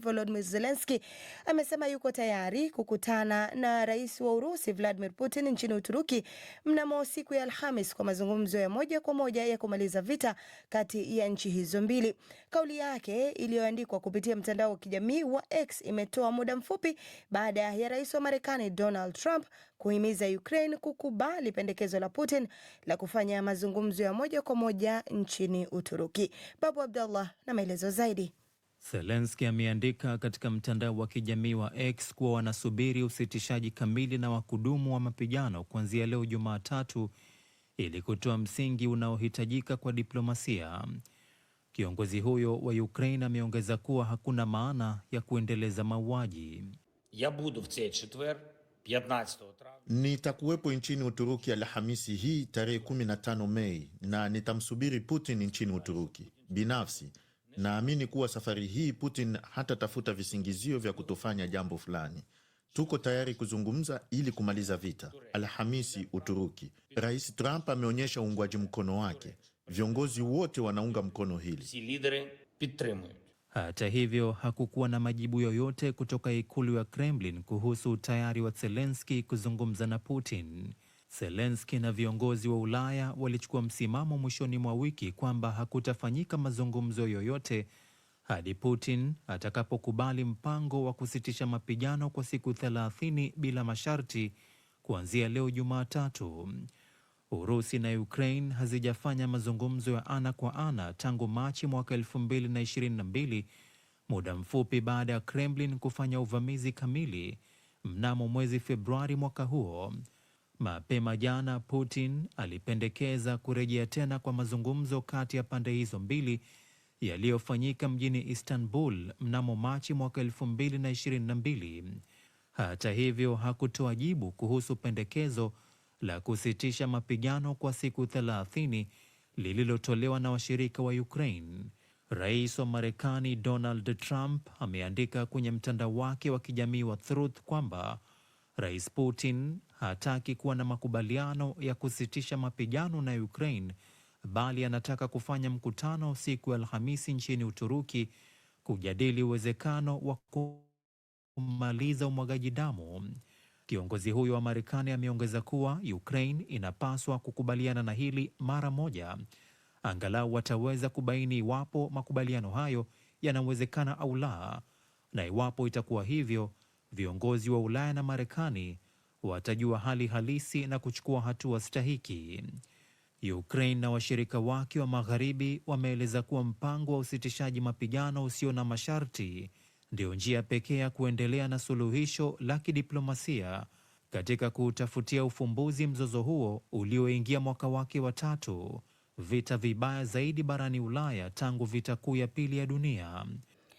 Volodymyr Zelensky amesema yuko tayari kukutana na rais wa Urusi Vladimir Putin nchini Uturuki mnamo siku ya Alhamis kwa mazungumzo ya moja kwa moja ya kumaliza vita kati ya nchi hizo mbili. Kauli yake iliyoandikwa kupitia mtandao wa kijamii wa X imetoa muda mfupi baada ya rais wa Marekani Donald Trump kuhimiza Ukraine kukubali pendekezo la Putin la kufanya mazungumzo ya moja kwa moja nchini Uturuki. Babu abdullah na maelezo zaidi zelenski ameandika katika mtandao wa kijamii wa X kuwa wanasubiri usitishaji kamili na wa kudumu wa mapigano kuanzia leo Jumatatu ili kutoa msingi unaohitajika kwa diplomasia. Kiongozi huyo wa Ukraine ameongeza kuwa hakuna maana ya kuendeleza mauaji. Nitakuwepo nchini Uturuki Alhamisi hii tarehe 15 Mei na nitamsubiri Putin nchini Uturuki. Binafsi Naamini kuwa safari hii Putin hatatafuta visingizio vya kutofanya jambo fulani. Tuko tayari kuzungumza ili kumaliza vita. Alhamisi Uturuki, Rais Trump ameonyesha uungwaji mkono wake. Viongozi wote wanaunga mkono hili. Hata hivyo, hakukuwa na majibu yoyote kutoka ikulu ya Kremlin kuhusu utayari wa zelenski kuzungumza na Putin zelenski na viongozi wa Ulaya walichukua msimamo mwishoni mwa wiki kwamba hakutafanyika mazungumzo yoyote hadi Putin atakapokubali mpango wa kusitisha mapigano kwa siku 30 bila masharti kuanzia leo Jumatatu. Urusi na Ukraine hazijafanya mazungumzo ya ana kwa ana tangu Machi mwaka 2022, muda mfupi baada ya Kremlin kufanya uvamizi kamili mnamo mwezi Februari mwaka huo. Mapema jana Putin alipendekeza kurejea tena kwa mazungumzo kati ya pande hizo mbili yaliyofanyika mjini Istanbul mnamo Machi mwaka 2022. Hata hivyo, hakutoa jibu kuhusu pendekezo la kusitisha mapigano kwa siku 30 lililotolewa na washirika wa Ukraine. Rais wa Marekani Donald Trump ameandika kwenye mtandao wake wa kijamii wa Truth kwamba Rais Putin hataki kuwa na makubaliano ya kusitisha mapigano na Ukraine, bali anataka kufanya mkutano siku ya Alhamisi nchini Uturuki kujadili uwezekano wa kumaliza umwagaji damu. Kiongozi huyo wa Marekani ameongeza kuwa Ukraine inapaswa kukubaliana na hili mara moja, angalau wataweza kubaini iwapo makubaliano hayo yanawezekana au la, na iwapo itakuwa hivyo viongozi wa Ulaya na Marekani watajua hali halisi na kuchukua hatua stahiki. Ukraine na washirika wake wa magharibi wameeleza kuwa mpango wa usitishaji mapigano usio na masharti ndio njia pekee ya kuendelea na suluhisho la kidiplomasia katika kuutafutia ufumbuzi mzozo huo ulioingia mwaka wake wa tatu, vita vibaya zaidi barani Ulaya tangu vita kuu ya pili ya dunia.